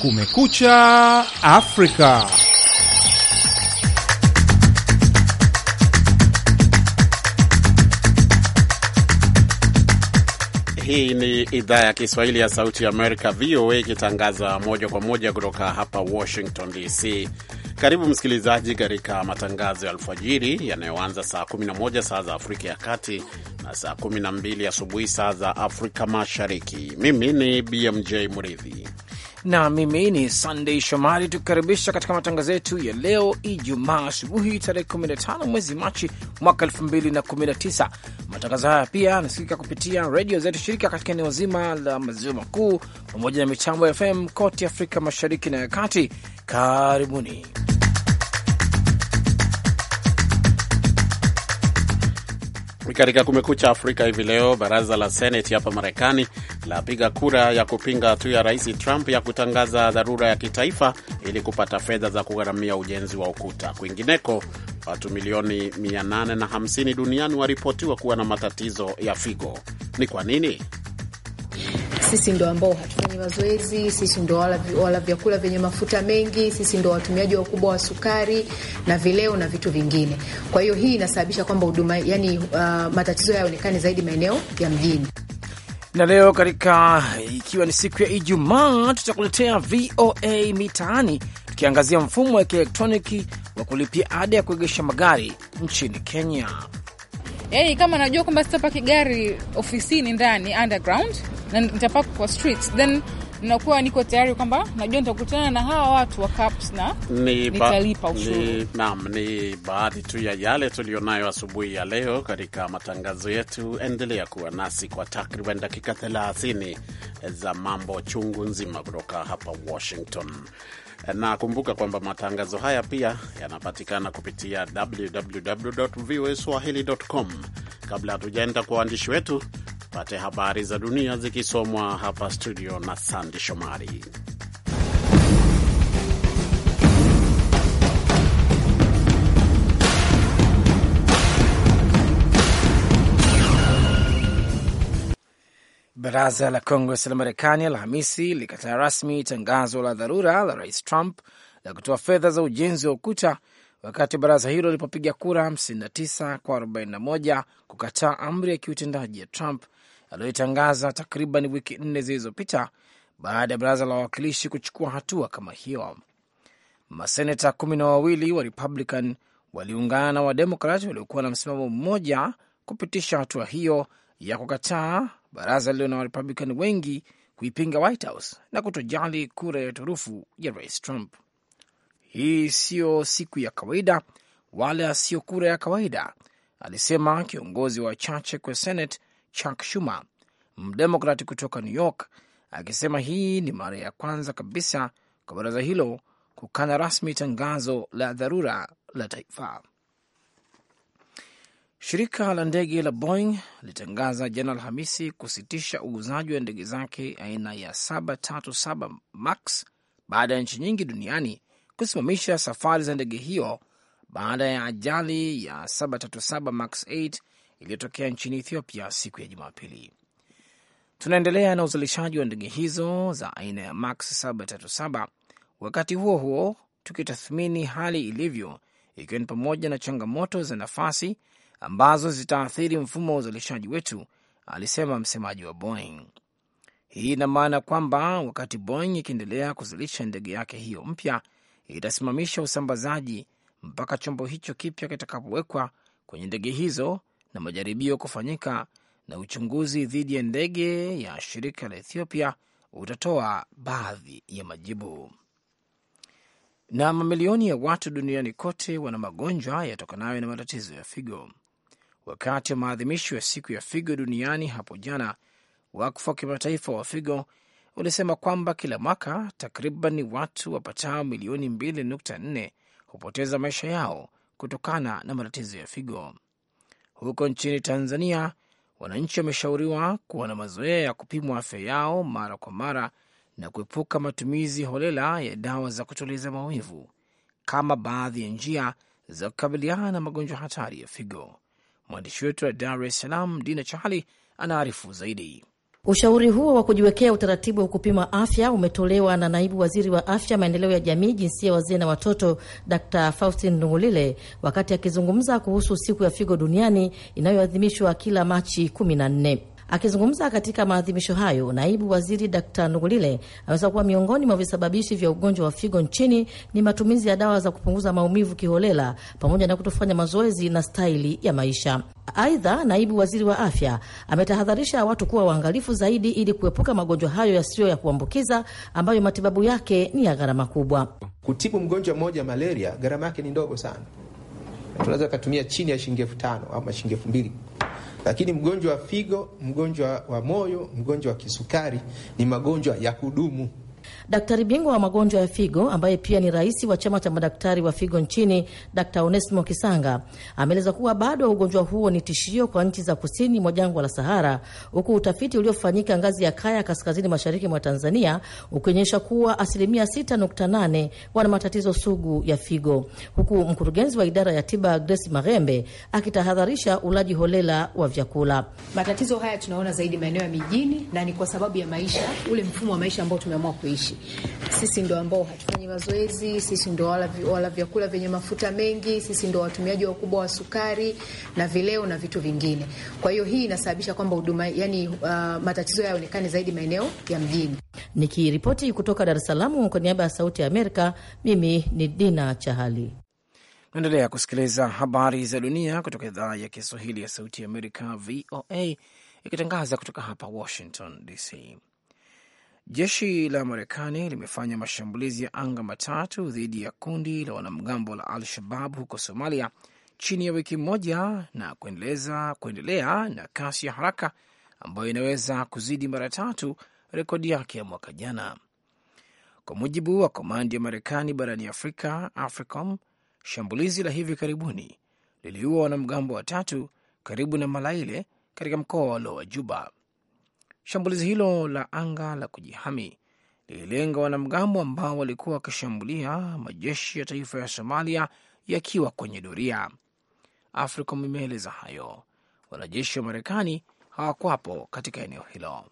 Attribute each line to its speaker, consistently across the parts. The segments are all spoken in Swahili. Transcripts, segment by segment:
Speaker 1: Kumekucha Afrika.
Speaker 2: Hii ni idhaa ya Kiswahili ya Sauti ya Amerika, VOA, ikitangaza moja kwa moja kutoka hapa Washington DC. Karibu msikilizaji, katika matangazo ya alfajiri yanayoanza saa 11 saa za Afrika ya Kati na saa 12 asubuhi saa za Afrika Mashariki. Mimi ni BMJ mridhi
Speaker 3: na mimi ni Sandey Shomari, tukikaribisha katika matangazo yetu ya leo Ijumaa asubuhi tarehe 15 mwezi Machi mwaka 2019. Matangazo haya pia yanasikika kupitia redio zetu shirika katika eneo zima la maziwa makuu pamoja na mitambo ya FM kote Afrika mashariki na ya kati. Karibuni.
Speaker 2: Katika Kumekucha Afrika hivi leo, baraza la Seneti hapa Marekani lapiga kura ya kupinga hatua ya Rais Trump ya kutangaza dharura ya kitaifa ili kupata fedha za kugharamia ujenzi wa ukuta. Kwingineko, watu milioni 850 duniani waripotiwa kuwa na matatizo ya figo. Ni kwa nini?
Speaker 4: sisi ndo ambao hatufanyi mazoezi, sisi ndo wala, wala vyakula vyenye mafuta mengi, sisi ndo watumiaji wakubwa wa sukari na vileo na vitu vingine. Kwa hiyo hii inasababisha kwamba huduma yani, uh, matatizo hayaonekane zaidi maeneo ya mjini.
Speaker 3: Na leo katika ikiwa ni siku ya Ijumaa, tutakuletea VOA Mitaani tukiangazia mfumo wa kielektroniki wa kulipia ada ya kuegesha magari nchini Kenya.
Speaker 5: Hey, kama najua kwamba sitapaki gari ofisini ndani underground na nitapaka kwa streets then nakuwa niko tayari kwamba najua nitakutana na hawa watu wa caps na ni nitalipa ushuru.
Speaker 2: Naam, ni baadhi tu ya yale tuliyonayo asubuhi ya leo katika matangazo yetu. Endelea kuwa nasi kwa takriban dakika 30 za mambo chungu nzima kutoka hapa Washington na kumbuka kwamba matangazo haya pia yanapatikana kupitia www voa swahili com. Kabla hatujaenda kwa waandishi wetu tupate habari za dunia zikisomwa hapa studio na Sandi Shomari.
Speaker 3: Baraza la Kongres la Marekani Alhamisi lilikataa rasmi tangazo la dharura la Rais Trump la kutoa fedha za ujenzi wa ukuta wakati baraza hilo lilipopiga kura 59 kwa 41 kukataa amri ya kiutendaji ya Trump aliyoitangaza takriban wiki nne zilizopita baada ya baraza la wawakilishi kuchukua hatua kama hiyo. Maseneta kumi na wawili wa Republican waliungana na Wademokrat waliokuwa na msimamo mmoja kupitisha hatua hiyo ya kukataa baraza lililo na Warepublican wengi kuipinga White House na kutojali kura ya turufu ya rais Trump. Hii siyo siku ya kawaida wala siyo kura ya kawaida, alisema kiongozi wa wachache kwa Senate Chuck Schumer, mdemokrati kutoka New York, akisema hii ni mara ya kwanza kabisa kwa baraza hilo kukana rasmi tangazo la dharura la taifa. Shirika la ndege la Boeing litangaza jana Alhamisi kusitisha uuzaji wa ndege zake aina ya 737 Max baada ya nchi nyingi duniani kusimamisha safari za ndege hiyo baada ya ajali ya 737 Max 8 iliyotokea nchini Ethiopia siku ya Jumapili. Tunaendelea na uzalishaji wa ndege hizo za aina ya Max 737 wakati huo huo tukitathmini hali ilivyo, ikiwa ni pamoja na changamoto za nafasi ambazo zitaathiri mfumo wa uzalishaji wetu, alisema msemaji wa Boeing. Hii ina maana kwamba wakati Boeing ikiendelea kuzalisha ndege yake hiyo mpya, itasimamisha usambazaji mpaka chombo hicho kipya kitakapowekwa kwenye ndege hizo na majaribio kufanyika na uchunguzi dhidi ya ndege ya shirika la Ethiopia utatoa baadhi ya majibu. Na mamilioni ya watu duniani kote wana magonjwa yatokanayo na matatizo ya figo. Wakati wa maadhimisho ya siku ya figo duniani hapo jana, wakfu wa kimataifa wa figo ulisema kwamba kila mwaka takriban watu wapatao milioni 2.4 hupoteza maisha yao kutokana na matatizo ya figo. Huko nchini Tanzania, wananchi wameshauriwa kuwa na mazoea ya kupimwa afya yao mara kwa mara na kuepuka matumizi holela ya dawa za kutuliza maumivu kama baadhi ya njia za kukabiliana na magonjwa hatari ya figo. Mwandishi wetu wa Dar es Salaam, Dina Chahali, anaarifu zaidi.
Speaker 4: Ushauri huo wa kujiwekea utaratibu wa kupima afya umetolewa na naibu waziri wa afya, maendeleo ya jamii, jinsia, wazee na watoto, Dr Faustin Ndungulile wakati akizungumza kuhusu siku ya figo duniani inayoadhimishwa kila Machi kumi na nne. Akizungumza katika maadhimisho hayo, naibu waziri Dkt nugulile amesema kuwa miongoni mwa visababishi vya ugonjwa wa figo nchini ni matumizi ya dawa za kupunguza maumivu kiholela pamoja na kutofanya mazoezi na staili ya maisha. Aidha, naibu waziri wa afya ametahadharisha watu kuwa waangalifu zaidi ili kuepuka magonjwa hayo yasiyo ya kuambukiza ambayo matibabu yake ni ya gharama kubwa.
Speaker 1: Kutibu mgonjwa mmoja malaria gharama yake ni ndogo sana, tunaweza katumia chini ya shilingi elfu tano ama shilingi elfu mbili lakini mgonjwa wa figo, mgonjwa wa moyo, mgonjwa wa kisukari ni magonjwa ya kudumu.
Speaker 4: Daktari bingwa wa magonjwa ya figo ambaye pia ni rais wa chama cha madaktari wa figo nchini, d onesimo Kisanga ameeleza kuwa bado ugonjwa huo ni tishio kwa nchi za kusini mwa jangwa la Sahara, huku utafiti uliofanyika ngazi ya kaya kaskazini mashariki mwa Tanzania ukionyesha kuwa asilimia 6.8 wana matatizo sugu ya figo, huku mkurugenzi wa idara ya tiba Grace marembe akitahadharisha ulaji holela wa vyakula. Matatizo haya tunaona zaidi maeneo ya mijini na ni kwa sababu ya maisha, ule mfumo wa maisha ambao tumeamua kuishi kuishi. Sisi ndo ambao hatufanyi mazoezi, sisi ndo wala, wala vyakula vyenye mafuta mengi, sisi ndo watumiaji wakubwa wa sukari na vileo na vitu vingine. Kwa hiyo hii inasababisha kwamba huduma yani, uh, matatizo yaonekane zaidi maeneo ya mjini. Nikiripoti kutoka Dar es Salaam kwa niaba ya Sauti ya Amerika, mimi ni Dina Chahali. Naendelea
Speaker 3: kusikiliza habari za dunia kutoka idhaa ya Kiswahili ya Sauti ya Amerika, VOA, ikitangaza kutoka hapa Washington DC. Jeshi la Marekani limefanya mashambulizi ya anga matatu dhidi ya kundi la wanamgambo la Al-Shabab huko Somalia chini ya wiki moja na kuendeleza kuendelea na kasi ya haraka ambayo inaweza kuzidi mara tatu rekodi yake ya mwaka jana, kwa mujibu wa komandi ya Marekani barani Afrika, AFRICOM. Shambulizi la hivi karibuni liliua wanamgambo watatu karibu na Malaile katika mkoa wa Lowa Juba. Shambulizi hilo la anga la kujihami lililenga wanamgambo ambao walikuwa wakishambulia majeshi ya taifa ya Somalia yakiwa kwenye doria. AFRICOM imeeleza hayo. Wanajeshi wa Marekani hawakwapo katika eneo hilo.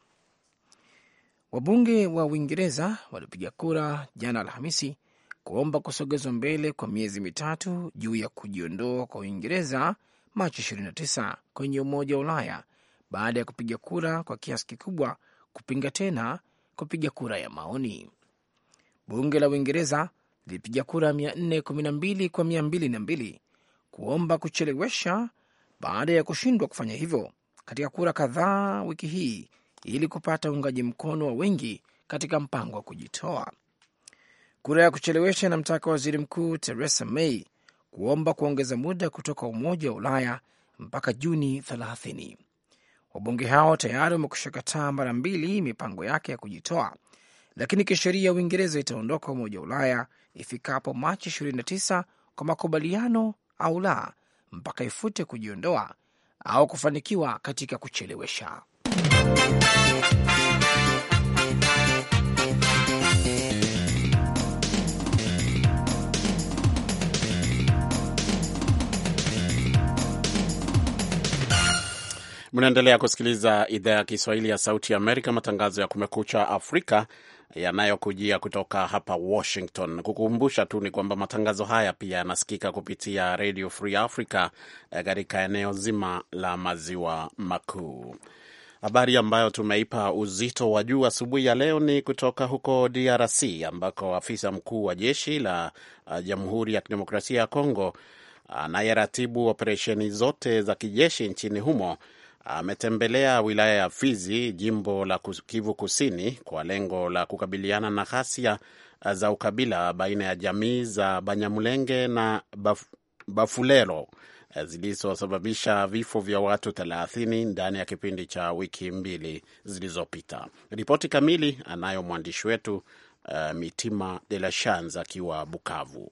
Speaker 3: Wabunge wa Uingereza walipiga kura jana Alhamisi kuomba kusogezwa mbele kwa miezi mitatu juu ya kujiondoa kwa Uingereza Machi 29 kwenye Umoja wa Ulaya baada ya kupiga kura kwa kiasi kikubwa kupinga tena kupiga kura ya maoni. Bunge la Uingereza lilipiga kura 412 kwa 202 kuomba kuchelewesha baada ya kushindwa kufanya hivyo katika kura kadhaa wiki hii ili kupata uungaji mkono wa wengi katika mpango wa kujitoa. Kura ya kuchelewesha inamtaka waziri mkuu Theresa May kuomba kuongeza muda kutoka Umoja wa Ulaya mpaka Juni 30. Wabunge hao tayari wamekusha kataa mara mbili mipango yake ya kujitoa, lakini kisheria Uingereza itaondoka Umoja wa Ulaya ifikapo Machi 29 kwa makubaliano au la, mpaka ifute kujiondoa au kufanikiwa katika kuchelewesha
Speaker 2: Mnaendelea kusikiliza idhaa ya Kiswahili ya Sauti ya Amerika, matangazo ya Kumekucha Afrika yanayokujia kutoka hapa Washington. Kukumbusha tu ni kwamba matangazo haya pia yanasikika kupitia Radio Free Africa eh, katika eneo zima la maziwa makuu. Habari ambayo tumeipa uzito wa juu asubuhi ya leo ni kutoka huko DRC ambako afisa mkuu wa jeshi la eh, Jamhuri ya Kidemokrasia ya Kongo anayeratibu operesheni zote za kijeshi nchini humo ametembelea wilaya ya Fizi, jimbo la Kivu Kusini, kwa lengo la kukabiliana na ghasia za ukabila baina ya jamii za Banyamulenge na Baf Bafulero zilizosababisha vifo vya watu 30 ndani ya kipindi cha wiki mbili zilizopita. Ripoti kamili anayo mwandishi wetu uh, Mitima De La Shans akiwa Bukavu.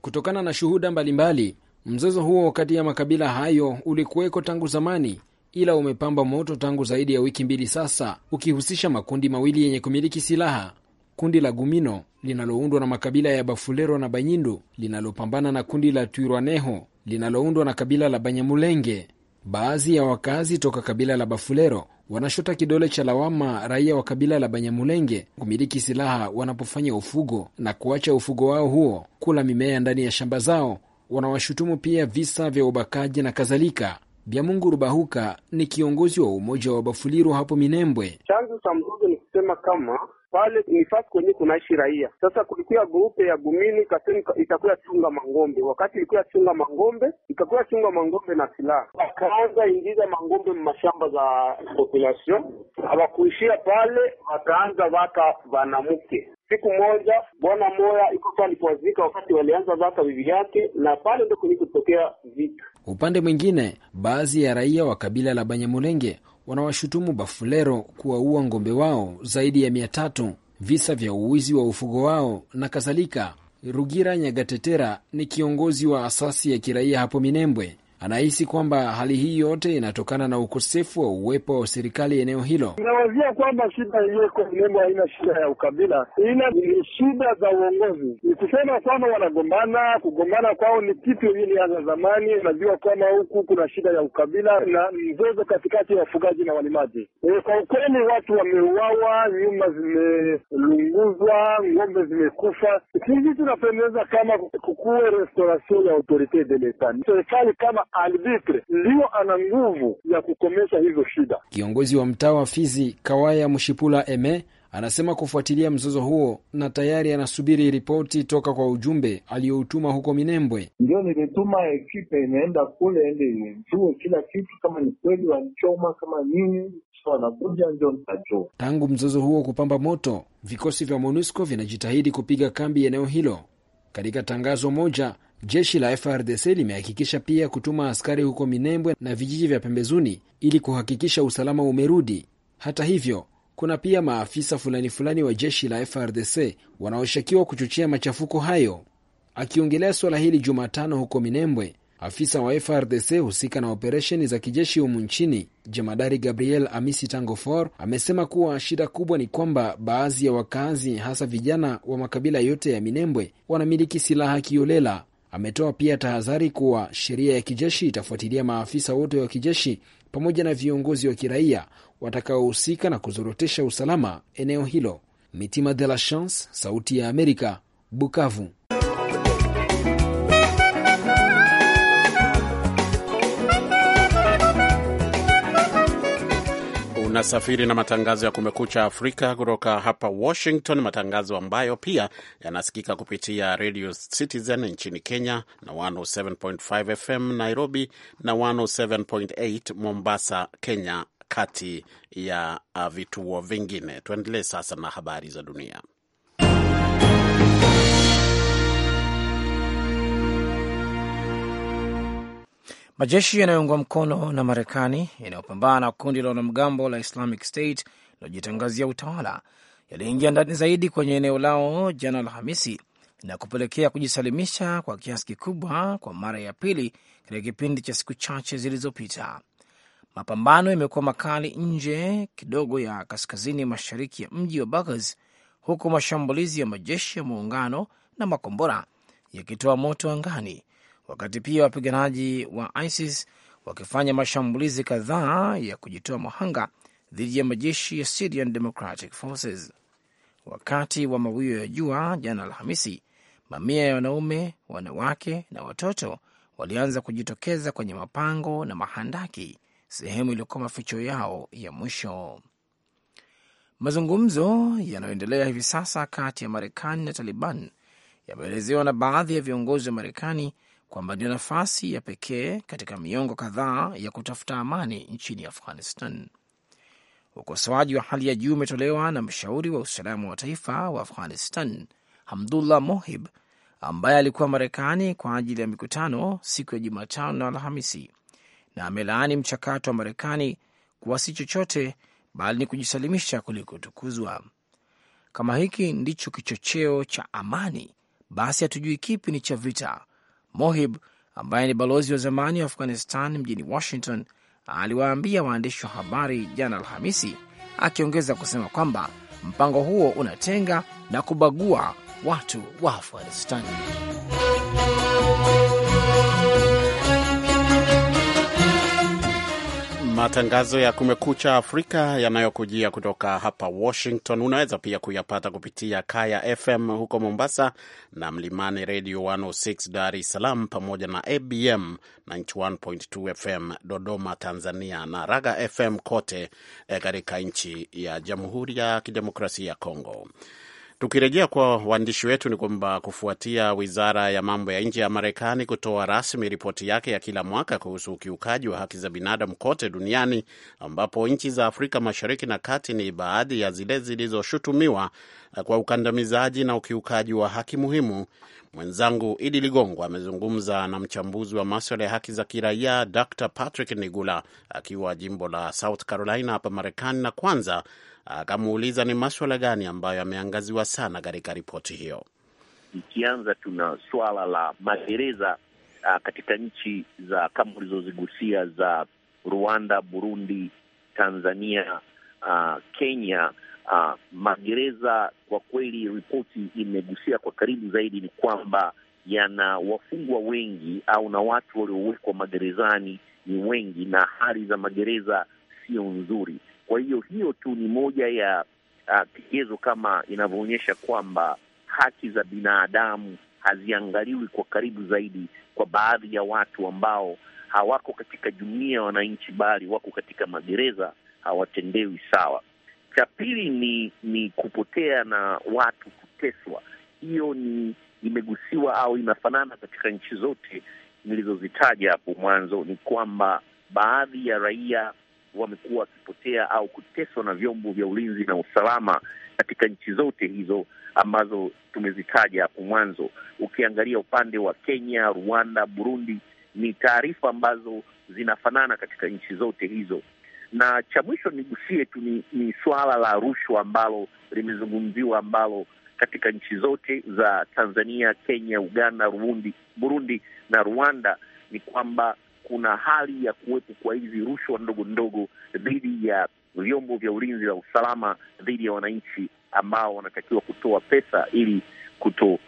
Speaker 2: Kutokana na shuhuda mbalimbali
Speaker 6: mbali, Mzozo huo kati ya makabila hayo ulikuweko tangu zamani, ila umepamba moto tangu zaidi ya wiki mbili sasa, ukihusisha makundi mawili yenye kumiliki silaha kundi la Gumino linaloundwa na makabila ya Bafulero na Banyindu linalopambana na kundi la Twirwaneho linaloundwa na kabila la Banyamulenge. Baadhi ya wakazi toka kabila la Bafulero wanashota kidole cha lawama raia wa kabila la Banyamulenge kumiliki silaha wanapofanya ufugo na kuacha ufugo wao huo kula mimea ndani ya shamba zao wanawashutumu pia visa vya ubakaji na kadhalika. Byamungu Rubahuka ni kiongozi wa umoja wa Bafuliru hapo Minembwe.
Speaker 7: Chanzo cha mzozo ni kusema kama pale ni fasi kwenye kunaishi raia. Sasa kulikuwa grupe ya Gumini kasem itakuwa chunga mangombe, wakati ilikuwa chunga mangombe ikakuwa chunga mangombe na silaha, wakaanza ingiza mangombe mashamba za population. Hawakuishia pale, wakaanza vaka vanamuke Siku moja bwana moya iko pale kuwazika, wakati walianza vaka bibi yake, na pale ndo kulikotokea vita.
Speaker 6: Upande mwingine, baadhi ya raia wa kabila la Banyamulenge wanawashutumu Bafulero kuwaua ng'ombe wao zaidi ya mia tatu visa vya uwizi wa ufugo wao na kadhalika. Rugira Nyagatetera ni kiongozi wa asasi ya kiraia hapo Minembwe anahisi kwamba hali hii yote inatokana na ukosefu wa uwepo wa serikali eneo hilo.
Speaker 7: Inawazia kwamba shida iliyoko Bulembo haina shida ya ukabila, ina ni shida za uongozi. Ni kusema kwamba wanagombana, kugombana kwao ni kitu ilianza zamani. Unajua kwamba huku kuna shida ya ukabila na mzozo katikati ya wafugaji na walimaji. E, kwa ukweli watu wameuawa, nyumba zimelunguzwa, ng'ombe zimekufa. Sisi tunapendeza kama kukuwe restauration ya autorite de l'etat, serikali kama arbitre ndiyo ana nguvu ya kukomesha hizo shida.
Speaker 6: Kiongozi wa mtaa wa Fizi Kawaya Mshipula Eme anasema kufuatilia mzozo huo na tayari anasubiri ripoti toka kwa ujumbe aliyoutuma huko Minembwe.
Speaker 7: Ndio nilituma ekipe inaenda kule, ende ijue kila kitu, kama ni kweli walichoma, kama nini wanakuja, ndio nitajua.
Speaker 6: Tangu mzozo huo kupamba moto, vikosi vya MONUSCO vinajitahidi kupiga kambi eneo hilo. Katika tangazo moja Jeshi la FRDC limehakikisha pia kutuma askari huko Minembwe na vijiji vya pembezuni ili kuhakikisha usalama umerudi. Hata hivyo, kuna pia maafisa fulani fulani wa jeshi la FRDC wanaoshukiwa kuchochea machafuko hayo. Akiongelea suala hili Jumatano huko Minembwe, afisa wa FRDC husika na operesheni za kijeshi humu nchini, jemadari Gabriel Amisi Tangofor amesema kuwa shida kubwa ni kwamba baadhi ya wakazi, hasa vijana wa makabila yote ya Minembwe, wanamiliki silaha kiolela. Ametoa pia tahadhari kuwa sheria ya kijeshi itafuatilia maafisa wote wa kijeshi pamoja na viongozi wa kiraia watakaohusika na kuzorotesha usalama eneo hilo. Mitima de la Chance, Sauti ya Amerika, Bukavu.
Speaker 2: Unasafiri na matangazo ya Kumekucha Afrika kutoka hapa Washington, matangazo ambayo pia yanasikika kupitia Radio Citizen nchini Kenya na 107.5 FM Nairobi na 107.8 Mombasa, Kenya, kati ya uh, vituo vingine. Tuendelee sasa na habari za dunia.
Speaker 3: Majeshi yanayoungwa mkono na Marekani yanayopambana na kundi la wanamgambo la Islamic State lilojitangazia utawala yaliingia ndani zaidi kwenye eneo lao jana Alhamisi na kupelekea kujisalimisha kwa kiasi kikubwa kwa mara ya pili katika kipindi cha siku chache zilizopita. Mapambano yamekuwa makali nje kidogo ya kaskazini mashariki ya mji wa Baghuz, huku mashambulizi ya majeshi ya muungano na makombora yakitoa moto angani wakati pia wapiganaji wa ISIS wakifanya mashambulizi kadhaa ya kujitoa mahanga dhidi ya majeshi ya Syrian Democratic Forces. Wakati wa mawio ya jua jana Alhamisi, mamia ya wanaume, wanawake na watoto walianza kujitokeza kwenye mapango na mahandaki, sehemu iliyokuwa maficho yao ya mwisho. Mazungumzo yanayoendelea hivi sasa kati ya Marekani na Taliban yameelezewa na baadhi ya viongozi wa Marekani kwamba ndio nafasi ya pekee katika miongo kadhaa ya kutafuta amani nchini Afghanistan. Ukosoaji wa hali ya juu umetolewa na mshauri wa usalama wa taifa wa Afghanistan Hamdullah Mohib ambaye alikuwa Marekani kwa ajili ya mikutano siku ya Jumatano na Alhamisi, na amelaani mchakato wa Marekani kuwa si chochote bali ni kujisalimisha kuliko tukuzwa. Kama hiki ndicho kichocheo cha amani, basi hatujui kipi ni cha vita, Mohib ambaye ni balozi wa zamani wa Afghanistan mjini Washington aliwaambia waandishi wa habari jana Alhamisi, akiongeza kusema kwamba mpango huo unatenga na kubagua watu wa Afghanistan.
Speaker 2: Matangazo ya Kumekucha Afrika yanayokujia kutoka hapa Washington unaweza pia kuyapata kupitia Kaya FM huko Mombasa na Mlimani Redio 106 Dar es Salaam, pamoja na ABM 91.2 FM Dodoma, Tanzania, na Raga FM kote eh, katika nchi ya Jamhuri ya Kidemokrasia ya Kongo. Tukirejea kwa waandishi wetu ni kwamba kufuatia wizara ya mambo ya nje ya Marekani kutoa rasmi ripoti yake ya kila mwaka kuhusu ukiukaji wa haki za binadamu kote duniani, ambapo nchi za Afrika Mashariki na Kati ni baadhi ya zile zilizoshutumiwa kwa ukandamizaji na ukiukaji wa haki muhimu, mwenzangu Idi Ligongo amezungumza na mchambuzi wa maswala ya haki za kiraia Dr Patrick Nigula akiwa jimbo la South Carolina hapa Marekani, na kwanza Ah, akamuuliza ni maswala gani ambayo yameangaziwa sana katika ripoti hiyo.
Speaker 7: Ikianza tuna swala la magereza ah, katika nchi za kama ulizozigusia za Rwanda, Burundi, Tanzania, uh, Kenya. Uh, magereza kwa kweli, ripoti imegusia kwa karibu zaidi ni kwamba yana wafungwa wengi au na watu waliowekwa magerezani ni wengi, na hali za magereza sio nzuri. Kwa hiyo hiyo tu ni moja ya kigezo uh, kama inavyoonyesha kwamba haki za binadamu haziangaliwi kwa karibu zaidi kwa baadhi ya watu ambao hawako katika jumuiya ya wananchi, bali wako katika magereza, hawatendewi sawa. Cha pili ni ni kupotea na watu kuteswa. Hiyo ni imegusiwa au inafanana katika nchi zote nilizozitaja hapo mwanzo. Ni kwamba baadhi ya raia wamekuwa wakipotea au kuteswa na vyombo vya ulinzi na usalama katika nchi zote hizo ambazo tumezitaja hapo mwanzo. Ukiangalia upande wa Kenya, Rwanda, Burundi, ni taarifa ambazo zinafanana katika nchi zote hizo. Na cha mwisho nigusie tu ni, ni suala la rushwa ambalo limezungumziwa ambalo katika nchi zote za Tanzania, Kenya, Uganda, Burundi, Burundi na Rwanda ni kwamba kuna hali ya kuwepo kwa hizi rushwa ndogo ndogo dhidi ya vyombo vya ulinzi na usalama, dhidi ya wananchi ambao wanatakiwa kutoa pesa ili kuto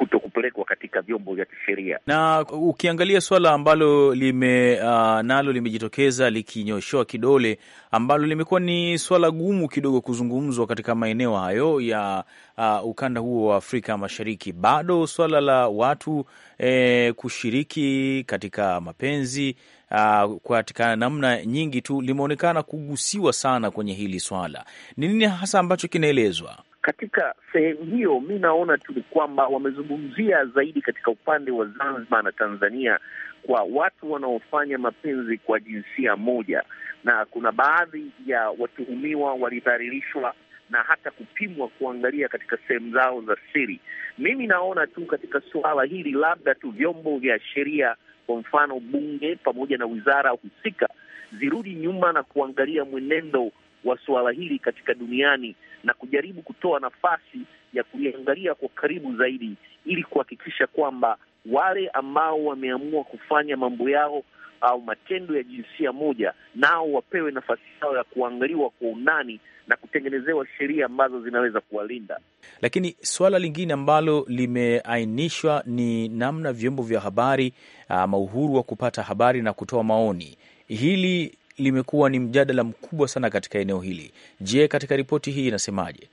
Speaker 7: kuto kupelekwa katika vyombo vya kisheria.
Speaker 3: Na ukiangalia suala ambalo lime uh, nalo limejitokeza likinyoshoa kidole, ambalo limekuwa ni swala gumu kidogo kuzungumzwa katika maeneo hayo ya uh, ukanda huo wa Afrika Mashariki, bado swala la watu eh, kushiriki katika mapenzi Uh, katika namna nyingi tu limeonekana kugusiwa sana kwenye hili swala. Ni nini hasa ambacho kinaelezwa?
Speaker 7: katika sehemu hiyo mi naona tu ni kwamba wamezungumzia zaidi katika upande wa Zanzibar na Tanzania kwa watu wanaofanya mapenzi kwa jinsia moja, na kuna baadhi ya watuhumiwa walidhalilishwa na hata kupimwa kuangalia katika sehemu zao za siri. Mimi naona tu katika suala hili labda tu vyombo vya sheria, kwa mfano Bunge pamoja na wizara husika, zirudi nyuma na kuangalia mwenendo wa suala hili katika duniani na kujaribu kutoa nafasi ya kuiangalia kwa karibu zaidi, ili kuhakikisha kwamba wale ambao wameamua kufanya mambo yao au matendo ya jinsia moja nao wapewe nafasi yao ya kuangaliwa kwa undani na kutengenezewa sheria ambazo zinaweza kuwalinda.
Speaker 3: Lakini suala lingine ambalo limeainishwa ni namna vyombo vya habari ama uhuru wa kupata habari na kutoa maoni. Hili limekuwa ni mjadala mkubwa sana katika eneo hili. Je, katika ripoti hii inasemaje?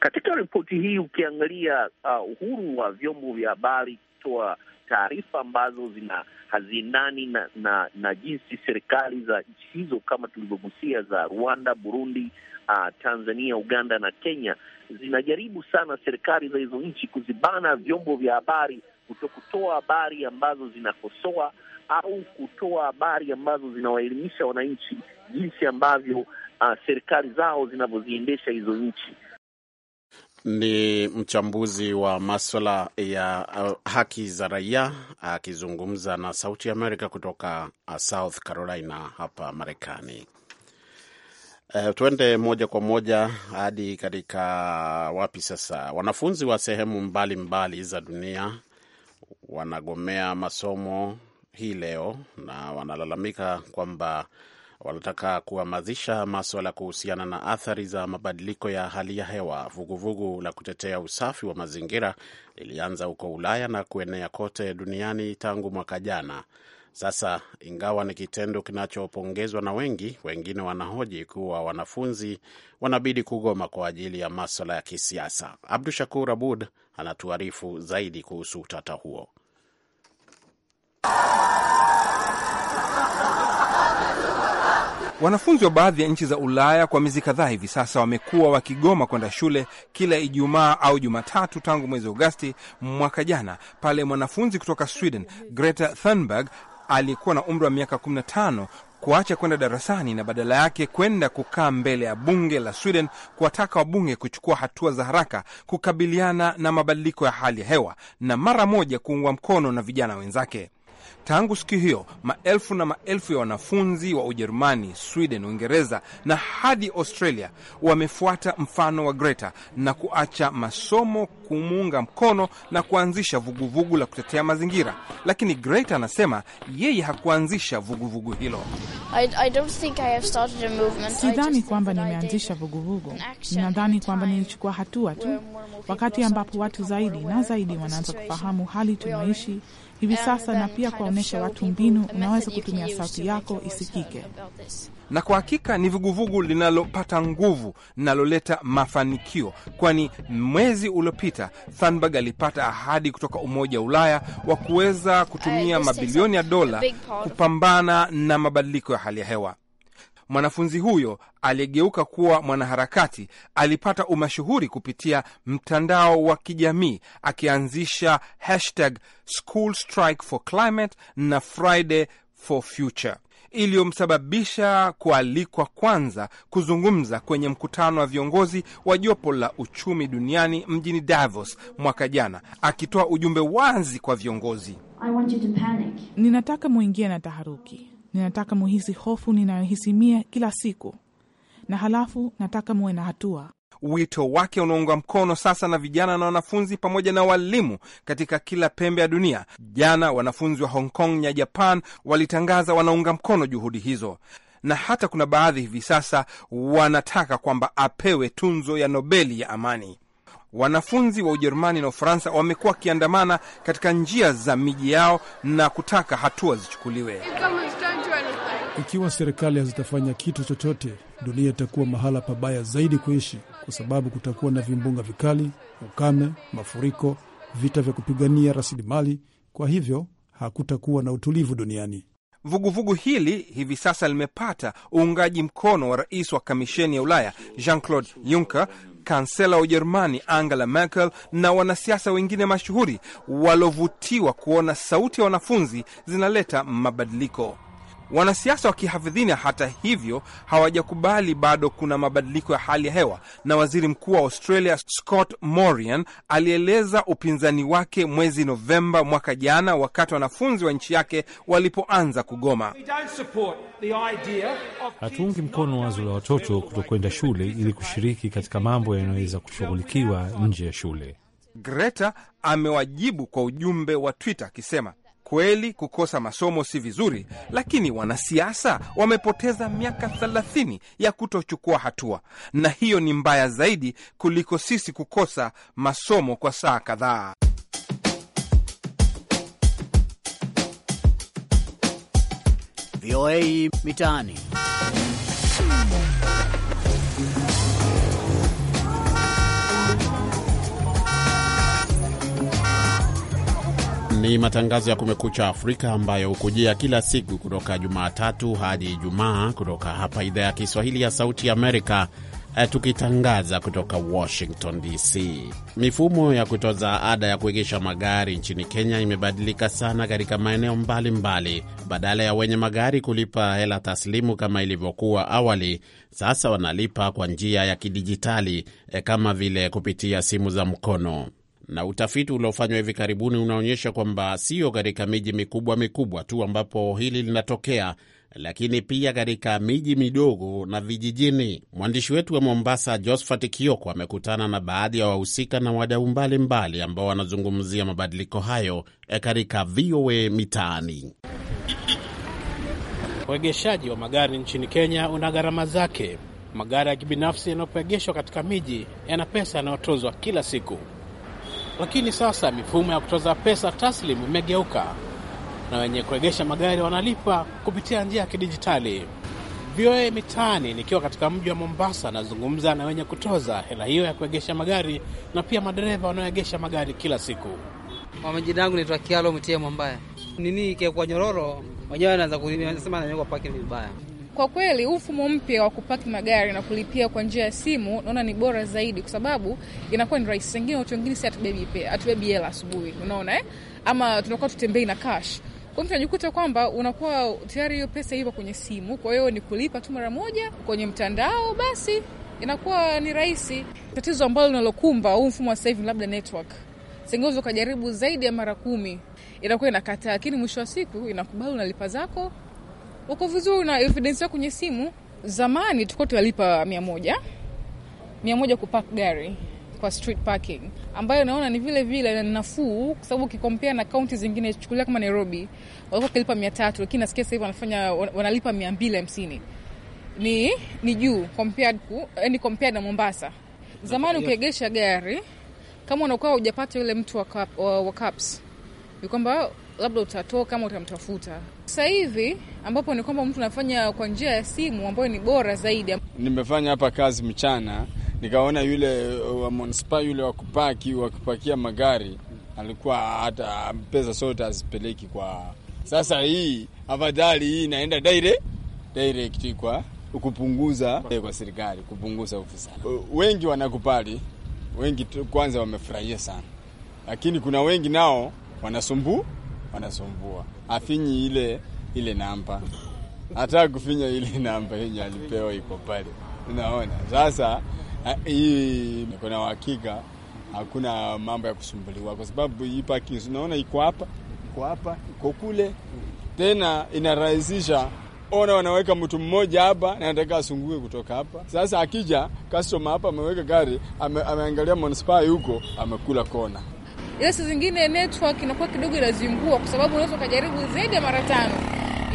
Speaker 7: Katika ripoti hii ukiangalia uh, uhuru wa vyombo vya habari kutoa taarifa ambazo zina haziendani na, na na jinsi serikali za nchi hizo kama tulivyogusia za Rwanda, Burundi, uh, Tanzania, Uganda na Kenya zinajaribu sana serikali za hizo nchi kuzibana vyombo vya habari kuto kutoa habari ambazo zinakosoa au kutoa habari ambazo zinawaelimisha wananchi jinsi ambavyo uh, serikali zao zinavyoziendesha hizo nchi.
Speaker 2: Ni mchambuzi wa maswala ya uh, haki za raia akizungumza na Sauti Amerika kutoka uh, South Carolina hapa Marekani. Uh, tuende moja kwa moja hadi katika uh, wapi sasa. Wanafunzi wa sehemu mbalimbali mbali za dunia wanagomea masomo hii leo na wanalalamika kwamba wanataka kuhamasisha maswala kuhusiana na athari za mabadiliko ya hali ya hewa. Vuguvugu vugu la kutetea usafi wa mazingira lilianza huko Ulaya na kuenea kote duniani tangu mwaka jana. Sasa, ingawa ni kitendo kinachopongezwa na wengi, wengine wanahoji kuwa wanafunzi wanabidi kugoma kwa ajili ya maswala ya kisiasa. Abdu Shakur Abud anatuarifu zaidi kuhusu utata huo.
Speaker 1: Wanafunzi wa baadhi ya nchi za Ulaya kwa miezi kadhaa hivi sasa wamekuwa wakigoma kwenda shule kila Ijumaa au Jumatatu tangu mwezi Agosti mwaka jana, pale mwanafunzi kutoka Sweden Greta Thunberg aliyekuwa na umri wa miaka 15 kuacha kwenda darasani na badala yake kwenda kukaa mbele ya bunge la Sweden kuwataka wabunge kuchukua hatua za haraka kukabiliana na mabadiliko ya hali ya hewa na mara moja kuungwa mkono na vijana wenzake. Tangu siku hiyo maelfu na maelfu ya wanafunzi wa Ujerumani, Sweden, Uingereza na hadi Australia wamefuata mfano wa Greta na kuacha masomo kumuunga mkono na kuanzisha vuguvugu vugu la kutetea mazingira. Lakini Greta anasema yeye hakuanzisha vuguvugu hilo.
Speaker 4: Sidhani
Speaker 5: kwamba nimeanzisha vuguvugu, nadhani kwamba nilichukua hatua tu, wakati ambapo watu zaidi na zaidi wanaanza kufahamu hali tunaishi hivi sasa na pia kuwaonyesha watu mbinu unaweza kutumia sauti yako isikike.
Speaker 1: Na kwa hakika ni vuguvugu linalopata nguvu, linaloleta mafanikio, kwani mwezi uliopita Thunberg alipata ahadi kutoka Umoja wa Ulaya wa kuweza kutumia mabilioni ya dola kupambana na mabadiliko ya hali ya hewa. Mwanafunzi huyo aliyegeuka kuwa mwanaharakati alipata umashuhuri kupitia mtandao wa kijamii akianzisha hashtag School Strike for Climate na Friday for Future iliyomsababisha kualikwa kwanza kuzungumza kwenye mkutano wa viongozi wa jopo la uchumi duniani mjini Davos mwaka jana, akitoa ujumbe wazi kwa viongozi:
Speaker 5: Ninataka mwingie na taharuki ninataka muhisi hofu ninayohisimia kila siku, na halafu nataka muwe na hatua.
Speaker 1: Wito wake unaungwa mkono sasa na vijana na wanafunzi pamoja na walimu katika kila pembe ya dunia. Jana wanafunzi wa Hong Kong na Japan walitangaza wanaunga mkono juhudi hizo, na hata kuna baadhi hivi sasa wanataka kwamba apewe tunzo ya Nobeli ya amani. Wanafunzi wa Ujerumani na Ufaransa wamekuwa wakiandamana katika njia za miji yao na kutaka hatua zichukuliwe. Ikiwa serikali hazitafanya kitu chochote, dunia itakuwa mahala pabaya zaidi kuishi, kwa sababu kutakuwa na vimbunga vikali, ukame, mafuriko, vita vya kupigania rasilimali. Kwa hivyo hakutakuwa
Speaker 6: na utulivu duniani.
Speaker 1: Vuguvugu vugu hili hivi sasa limepata uungaji mkono wa rais wa kamisheni ya Ulaya Jean Claude Juncker, kansela wa Ujerumani Angela Merkel na wanasiasa wengine mashuhuri walovutiwa kuona sauti ya wanafunzi zinaleta mabadiliko. Wanasiasa wa kihafidhina hata hivyo hawajakubali bado kuna mabadiliko ya hali ya hewa, na waziri mkuu wa Australia Scott Morrison alieleza upinzani wake mwezi Novemba mwaka jana, wakati wanafunzi wa nchi yake walipoanza kugoma.
Speaker 7: Hatuungi mkono
Speaker 1: wazo la watoto kutokwenda shule ili kushiriki katika mambo yanayoweza kushughulikiwa nje ya shule. Greta amewajibu kwa ujumbe wa Twitter akisema Kweli kukosa masomo si vizuri, lakini wanasiasa wamepoteza miaka thelathini ya kutochukua hatua, na hiyo ni mbaya zaidi kuliko sisi kukosa masomo kwa saa kadhaa.
Speaker 3: VOA Mitaani.
Speaker 2: Ni matangazo ya Kumekucha Afrika ambayo hukujia kila siku kutoka Jumatatu hadi Ijumaa kutoka hapa idhaa ya Kiswahili ya Sauti Amerika, eh, tukitangaza kutoka Washington DC. Mifumo ya kutoza ada ya kuegesha magari nchini Kenya imebadilika sana katika maeneo mbalimbali. Badala ya wenye magari kulipa hela taslimu kama ilivyokuwa awali, sasa wanalipa kwa njia ya kidijitali, eh, kama vile kupitia simu za mkono na utafiti uliofanywa hivi karibuni unaonyesha kwamba sio katika miji mikubwa mikubwa tu ambapo hili linatokea, lakini pia katika miji midogo na vijijini. Mwandishi wetu wa Mombasa, Josphat Kioko, amekutana na baadhi ya wahusika na wadau mbalimbali ambao wanazungumzia mabadiliko hayo eh, katika VOA Mitaani. Uegeshaji wa magari nchini Kenya una gharama zake. Magari ya kibinafsi yanayopegeshwa katika miji yana pesa yanayotozwa kila siku. Lakini sasa mifumo ya kutoza pesa taslimu imegeuka na wenye kuegesha magari wanalipa kupitia njia ya kidijitali. VOA Mitaani nikiwa katika mji wa Mombasa, nazungumza na wenye kutoza hela hiyo ya kuegesha magari na pia madereva wanaoegesha magari kila siku. Kwa majina yangu naitwa Kialo Mtie Mwambaya. Nini
Speaker 3: kekwa nyororo wenyewe anaanza kusema anaweka paki vibaya
Speaker 5: kwa kweli huu mfumo mpya wa kupaki magari na kulipia kwa njia ya simu naona ni bora zaidi, kwa sababu inakuwa ni rahisi. Wengine watu wengine si hatubebi hatubebi hela asubuhi, unaona eh? Ama tunakuwa tutembei na cash kwa mtu anajikuta kwamba unakuwa tayari hiyo pesa ipo kwenye simu, kwa hiyo ni kulipa tu mara moja kwenye mtandao, basi inakuwa ni rahisi. Tatizo ambalo linalokumba huu mfumo wa sasa labda network singeweza ukajaribu zaidi ya mara kumi, inakuwa inakataa, lakini mwisho wa siku inakubali, unalipa zako uko vizuri na evidence yao kwenye simu. Zamani tulikuwa tunalipa mia moja mia moja kupark gari kwa street parking, ambayo naona ni vile vile na nafuu, kwa sababu ukikompea na kaunti zingine, chukulia kama Nairobi walikuwa wakilipa mia tatu lakini nasikia sasa hivi wanafanya wanalipa mia mbili hamsini ni ni juu compared ku yani compared na Mombasa. Zamani ukiegesha gari kama unakuwa hujapata yule mtu wa, wa, wa, wa ni kwamba labda utatoka ama utamtafuta. Sasa hivi ambapo ni kwamba mtu anafanya kwa njia ya simu ambayo ni bora zaidi.
Speaker 6: Nimefanya hapa kazi mchana, nikaona yule uh, wa manispaa yule wa kupaki wa magari alikuwa hata pesa sote azipeleki kwa. Sasa hii afadhali hii inaenda direct direct kwa kupunguza eh, kwa serikali, kupunguza ufisadi. Uh, wengi wanakupali, wengi kwanza wamefurahia sana, lakini kuna wengi nao wanasumbu wanasumbua, afinyi ile ile namba, hata kufinya ile namba yenye alipewa iko pale. Unaona sasa, eh, hii kuna uhakika, hakuna mambo ya kusumbuliwa, kwa sababu hii parking unaona iko hapa, iko hapa, iko kule, tena inarahisisha Ona, wanaweka mtu mmoja hapa na anataka asungue kutoka hapa. Sasa akija customer hapa ameweka gari ame, ameangalia manispaa huko amekula kona.
Speaker 5: Ila siku zingine network inakuwa kidogo inazingua, kwa sababu unaweza ukajaribu zaidi ya mara tano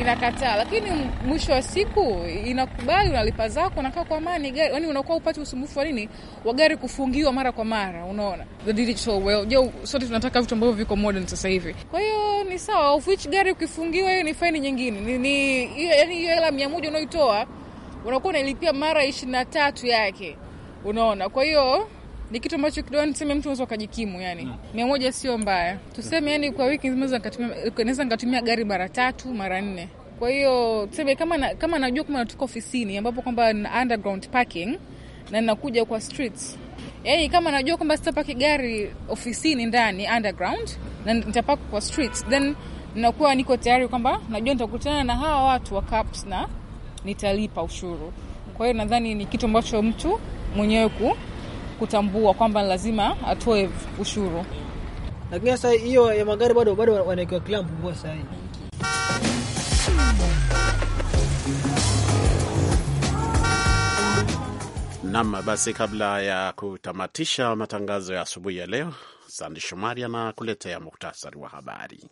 Speaker 5: inakataa, lakini mwisho wa siku inakubali, unalipa zako, unakaa kwa amani gari, yani unakuwa upati usumbufu wa nini wa gari kufungiwa mara kwa mara. Unaona the digital world, je, sote tunataka vitu ambavyo viko modern sasa hivi. Kwa hiyo ni sawa, of which gari ukifungiwa, hiyo ni faini nyingine, ni, ni yani hiyo hela mia moja unaoitoa unakuwa unailipia mara ishirini na tatu yake, unaona. Kwa hiyo ni kitu ambacho kidogo niseme mtu anaweza kujikimu yani. Mm. Mia moja sio mbaya. Tuseme yani kwa wiki nzima naweza nikatumia gari mara tatu, mara nne. Kwa hiyo tuseme kama na, kama najua kama natoka ofisini ambapo kwamba na underground parking na ninakuja kwa streets. Yaani kama najua kwamba sitapaki gari ofisini ndani underground na nitapaka kwa streets then nakuwa niko tayari kwamba najua nitakutana na hawa watu wa caps na nitalipa ushuru. Kwa hiyo nadhani ni kitu ambacho mtu mwenyewe ku kutambua kwamba lazima atoe ushuru,
Speaker 6: lakini sasa hiyo ya magari bado bado wanaekewa kilambu mvua sasa
Speaker 2: Nam, basi kabla ya kutamatisha matangazo ya asubuhi ya leo, Sandi Shomari anakuletea muhtasari wa habari.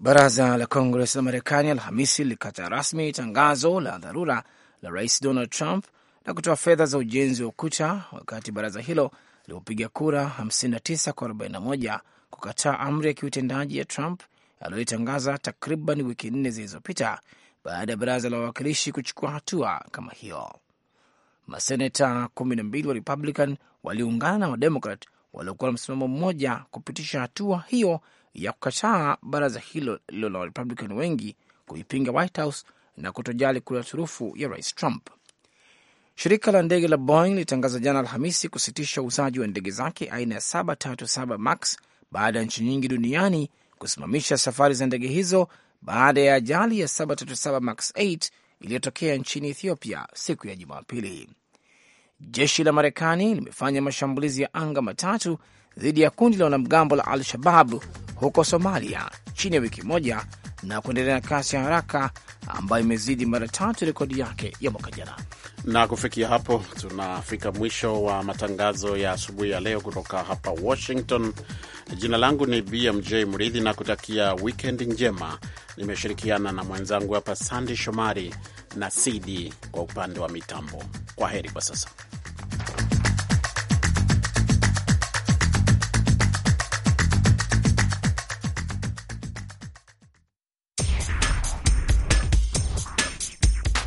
Speaker 3: Baraza la Kongres la Marekani Alhamisi lilikataa rasmi tangazo la dharura la Rais Donald Trump la kutoa fedha za ujenzi wa ukuta, wakati baraza hilo lilipopiga kura 59 kwa 41 kukataa amri ya kiutendaji ya Trump aliyoitangaza takriban wiki nne zilizopita baada ya baraza la wawakilishi kuchukua hatua kama hiyo. Maseneta 12 wa Republican waliungana na Wademokrat waliokuwa na msimamo mmoja kupitisha hatua hiyo ya kukataa baraza hilo lilo la Republican wengi kuipinga White House na kutojali kura turufu ya rais Trump. Shirika la ndege la Boeing lilitangaza jana Alhamisi kusitisha uuzaji wa ndege zake aina ya 737 Max baada ya nchi nyingi duniani kusimamisha safari za ndege hizo baada ya ajali ya 737 Max 8 iliyotokea nchini Ethiopia siku ya Jumapili. Jeshi la Marekani limefanya mashambulizi ya anga matatu dhidi ya kundi la wanamgambo la al shabab huko Somalia chini ya wiki moja na kuendelea na kasi ya haraka ambayo imezidi mara tatu rekodi yake ya mwaka jana.
Speaker 2: Na kufikia hapo, tunafika mwisho wa matangazo ya asubuhi ya leo kutoka hapa Washington. Jina langu ni BMJ Mridhi na kutakia wikendi njema. Nimeshirikiana na mwenzangu hapa Sandi Shomari na cd kwa upande wa mitambo. Kwa heri kwa sasa.